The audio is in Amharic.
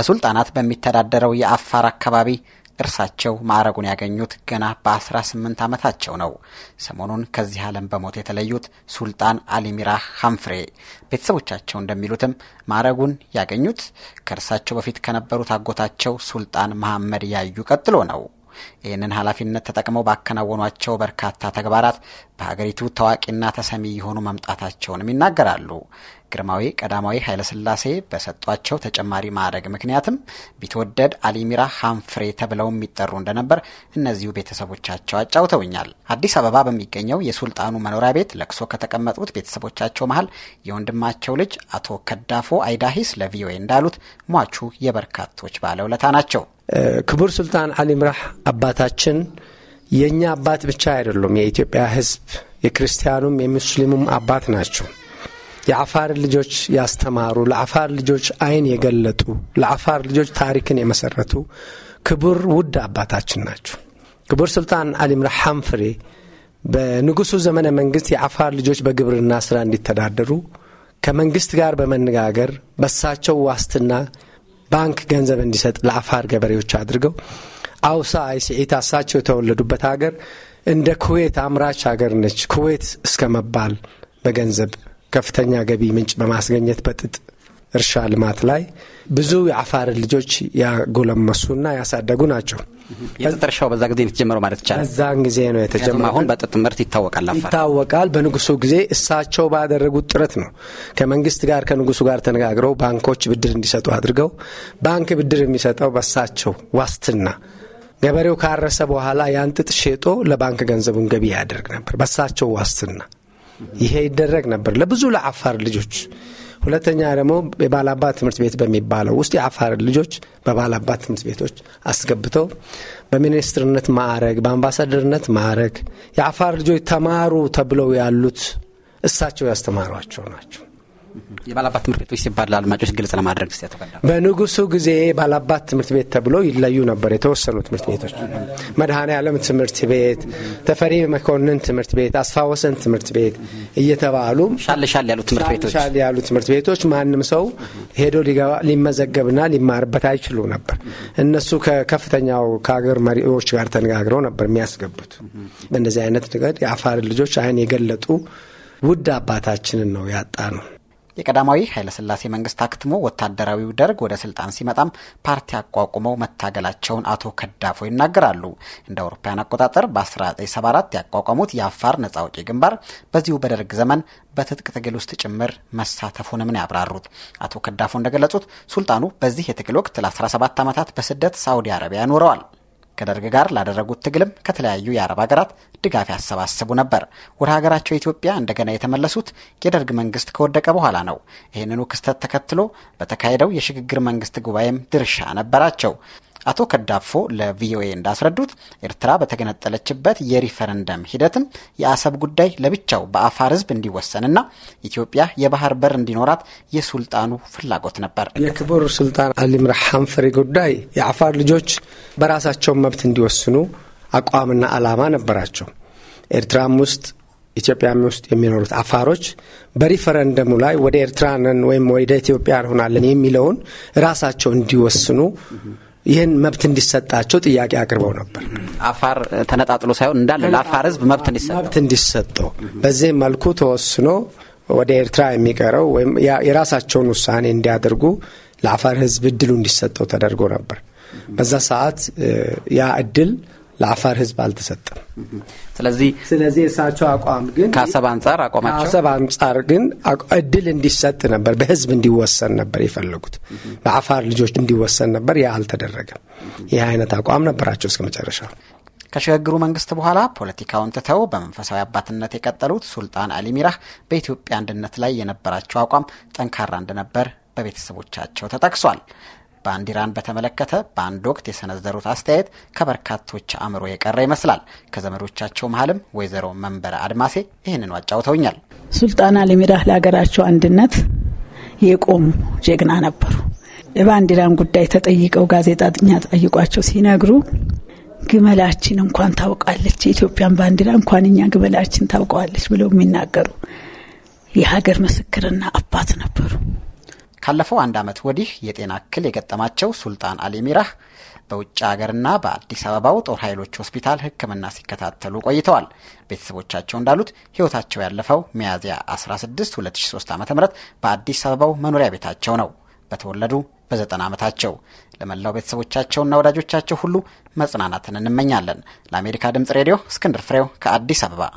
በሱልጣናት በሚተዳደረው የአፋር አካባቢ እርሳቸው ማዕረጉን ያገኙት ገና በ18 ዓመታቸው ነው። ሰሞኑን ከዚህ ዓለም በሞት የተለዩት ሱልጣን አሊሚራህ ሐንፍሬ ቤተሰቦቻቸው እንደሚሉትም ማዕረጉን ያገኙት ከእርሳቸው በፊት ከነበሩት አጎታቸው ሱልጣን መሐመድ ያዩ ቀጥሎ ነው። ይህንን ኃላፊነት ተጠቅመው ባከናወኗቸው በርካታ ተግባራት በሀገሪቱ ታዋቂና ተሰሚ የሆኑ መምጣታቸውንም ይናገራሉ። ግርማዊ ቀዳማዊ ኃይለስላሴ በሰጧቸው ተጨማሪ ማዕረግ ምክንያትም ቢትወደድ አሊሚራ ሃምፍሬ ተብለው የሚጠሩ እንደነበር እነዚሁ ቤተሰቦቻቸው አጫውተውኛል። አዲስ አበባ በሚገኘው የሱልጣኑ መኖሪያ ቤት ለቅሶ ከተቀመጡት ቤተሰቦቻቸው መሀል የወንድማቸው ልጅ አቶ ከዳፎ አይዳሂስ ለቪኦኤ እንዳሉት ሟቹ የበርካቶች ባለውለታ ናቸው። ክቡር ሱልጣን አሊምራህ አባታችን የእኛ አባት ብቻ አይደሉም፣ የኢትዮጵያ ሕዝብ የክርስቲያኑም የሙስሊሙም አባት ናቸው። የአፋር ልጆች ያስተማሩ፣ ለአፋር ልጆች አይን የገለጡ፣ ለአፋር ልጆች ታሪክን የመሰረቱ ክቡር ውድ አባታችን ናቸው። ክቡር ሱልጣን አሊ ሐንፍሬ በንጉሱ ዘመነ መንግስት የአፋር ልጆች በግብርና ስራ እንዲተዳደሩ ከመንግስት ጋር በመነጋገር በሳቸው ዋስትና ባንክ ገንዘብ እንዲሰጥ ለአፋር ገበሬዎች አድርገው አውሳ አይስዒታ እሳቸው የተወለዱበት ሀገር እንደ ኩዌት አምራች ሀገር ነች ኩዌት እስከ መባል በገንዘብ ከፍተኛ ገቢ ምንጭ በማስገኘት በጥጥ እርሻ ልማት ላይ ብዙ የአፋር ልጆች ያጎለመሱና ያሳደጉ ናቸው። የጥጥ እርሻው በዛ ጊዜ የተጀመረው ማለት ይቻላል። እዛን ጊዜ ነው የተጀመረው። አሁን በጥጥ ምርት ይታወቃል፣ ይታወቃል። በንጉሱ ጊዜ እሳቸው ባደረጉት ጥረት ነው ከመንግስት ጋር ከንጉሱ ጋር ተነጋግረው ባንኮች ብድር እንዲሰጡ አድርገው ባንክ ብድር የሚሰጠው በሳቸው ዋስትና ገበሬው ካረሰ በኋላ ያን ጥጥ ሸጦ ለባንክ ገንዘቡን ገቢ ያደርግ ነበር በሳቸው ዋስትና ይሄ ይደረግ ነበር ለብዙ ለአፋር ልጆች። ሁለተኛ ደግሞ የባላባት ትምህርት ቤት በሚባለው ውስጥ የአፋር ልጆች በባላባት ትምህርት ቤቶች አስገብተው በሚኒስትርነት ማዕረግ፣ በአምባሳደርነት ማዕረግ የአፋር ልጆች ተማሩ ተብለው ያሉት እሳቸው ያስተማሯቸው ናቸው። የባላባት ትምህርት ቤቶች ሲባል ለአድማጮች ግልጽ ለማድረግ ስ በንጉሱ ጊዜ ባላባት ትምህርት ቤት ተብሎ ይለዩ ነበር። የተወሰኑ ትምህርት ቤቶች መድኃኔ ዓለም ትምህርት ቤት፣ ተፈሪ መኮንን ትምህርት ቤት፣ አስፋወሰን ትምህርት ቤት እየተባሉ ሻል ያሉ ትምህርት ቤቶች ሻል ያሉ ትምህርት ቤቶች ማንም ሰው ሄዶ ሊመዘገብና ሊማርበት አይችሉ ነበር። እነሱ ከከፍተኛው ከሀገር መሪዎች ጋር ተነጋግረው ነበር የሚያስገቡት። በእንደዚህ አይነት ንገድ የአፋር ልጆች አይን የገለጡ ውድ አባታችንን ነው ያጣ ነው። የቀዳማዊ ኃይለስላሴ መንግስት አክትሞ ወታደራዊው ደርግ ወደ ስልጣን ሲመጣም ፓርቲ አቋቁመው መታገላቸውን አቶ ከዳፎ ይናገራሉ። እንደ አውሮፓውያን አቆጣጠር በ1974 ያቋቋሙት የአፋር ነጻ አውጪ ግንባር በዚሁ በደርግ ዘመን በትጥቅ ትግል ውስጥ ጭምር መሳተፉንም ነው ያብራሩት። አቶ ከዳፎ እንደገለጹት ሱልጣኑ በዚህ የትግል ወቅት ለ17 ዓመታት በስደት ሳውዲ አረቢያ ኖረዋል። ከደርግ ጋር ላደረጉት ትግልም ከተለያዩ የአረብ ሀገራት ድጋፍ ያሰባስቡ ነበር። ወደ ሀገራቸው ኢትዮጵያ እንደገና የተመለሱት የደርግ መንግስት ከወደቀ በኋላ ነው። ይህንኑ ክስተት ተከትሎ በተካሄደው የሽግግር መንግስት ጉባኤም ድርሻ ነበራቸው። አቶ ከዳፎ ለቪኦኤ እንዳስረዱት ኤርትራ በተገነጠለችበት የሪፈረንደም ሂደትም የአሰብ ጉዳይ ለብቻው በአፋር ህዝብ እንዲወሰንና ኢትዮጵያ የባህር በር እንዲኖራት የሱልጣኑ ፍላጎት ነበር። የክቡር ሱልጣን አሊምራህ ሐንፈሪ ጉዳይ የአፋር ልጆች በራሳቸውን መብት እንዲወስኑ አቋምና ዓላማ ነበራቸው። ኤርትራም ውስጥ ኢትዮጵያም ውስጥ የሚኖሩት አፋሮች በሪፈረንደሙ ላይ ወደ ኤርትራንን ወይም ወደ ኢትዮጵያ እንሆናለን የሚለውን ራሳቸው እንዲወስኑ ይህን መብት እንዲሰጣቸው ጥያቄ አቅርበው ነበር። አፋር ተነጣጥሎ ሳይሆን እንዳለ ለአፋር ህዝብ መብት እንዲሰጠው መብት እንዲሰጠው በዚህ መልኩ ተወስኖ ወደ ኤርትራ የሚቀረው ወይም የራሳቸውን ውሳኔ እንዲያደርጉ ለአፋር ህዝብ እድሉ እንዲሰጠው ተደርጎ ነበር። በዛ ሰዓት ያ እድል ለአፋር ህዝብ አልተሰጠም። ስለዚህ ስለዚህ እሳቸው አቋም ግን ከአሰብ አንጻር አቋማቸው ከአሰብ አንጻር ግን እድል እንዲሰጥ ነበር፣ በህዝብ እንዲወሰን ነበር የፈለጉት። በአፋር ልጆች እንዲወሰን ነበር። ያ አልተደረገም። ይህ አይነት አቋም ነበራቸው እስከ መጨረሻ። ከሽግግሩ መንግስት በኋላ ፖለቲካውን ትተው በመንፈሳዊ አባትነት የቀጠሉት ሱልጣን አሊ ሚራህ በኢትዮጵያ አንድነት ላይ የነበራቸው አቋም ጠንካራ እንደነበር በቤተሰቦቻቸው ተጠቅሷል። ባንዲራን በተመለከተ በአንድ ወቅት የሰነዘሩት አስተያየት ከበርካቶች አእምሮ የቀረ ይመስላል። ከዘመዶቻቸው መሀልም ወይዘሮ መንበረ አድማሴ ይህንኑ አጫውተውኛል። ሱልጣና ለሚራህ ለሀገራቸው አንድነት የቆሙ ጀግና ነበሩ። የባንዲራን ጉዳይ ተጠይቀው ጋዜጠኛ ጠይቋቸው ሲነግሩ ግመላችን እንኳን ታውቃለች፣ የኢትዮጵያን ባንዲራ እንኳን እኛ ግመላችን ታውቀዋለች ብለው የሚናገሩ የሀገር ምስክርና አባት ነበሩ። ካለፈው አንድ ዓመት ወዲህ የጤና እክል የገጠማቸው ሱልጣን አሊ ሚራህ በውጭ ሀገርና በአዲስ አበባው ጦር ኃይሎች ሆስፒታል ሕክምና ሲከታተሉ ቆይተዋል። ቤተሰቦቻቸው እንዳሉት ሕይወታቸው ያለፈው ሚያዝያ 16 2003 ዓ ም በአዲስ አበባው መኖሪያ ቤታቸው ነው። በተወለዱ በዘጠና ዓመታቸው ለመላው ቤተሰቦቻቸውና ወዳጆቻቸው ሁሉ መጽናናትን እንመኛለን። ለአሜሪካ ድምፅ ሬዲዮ እስክንድር ፍሬው ከአዲስ አበባ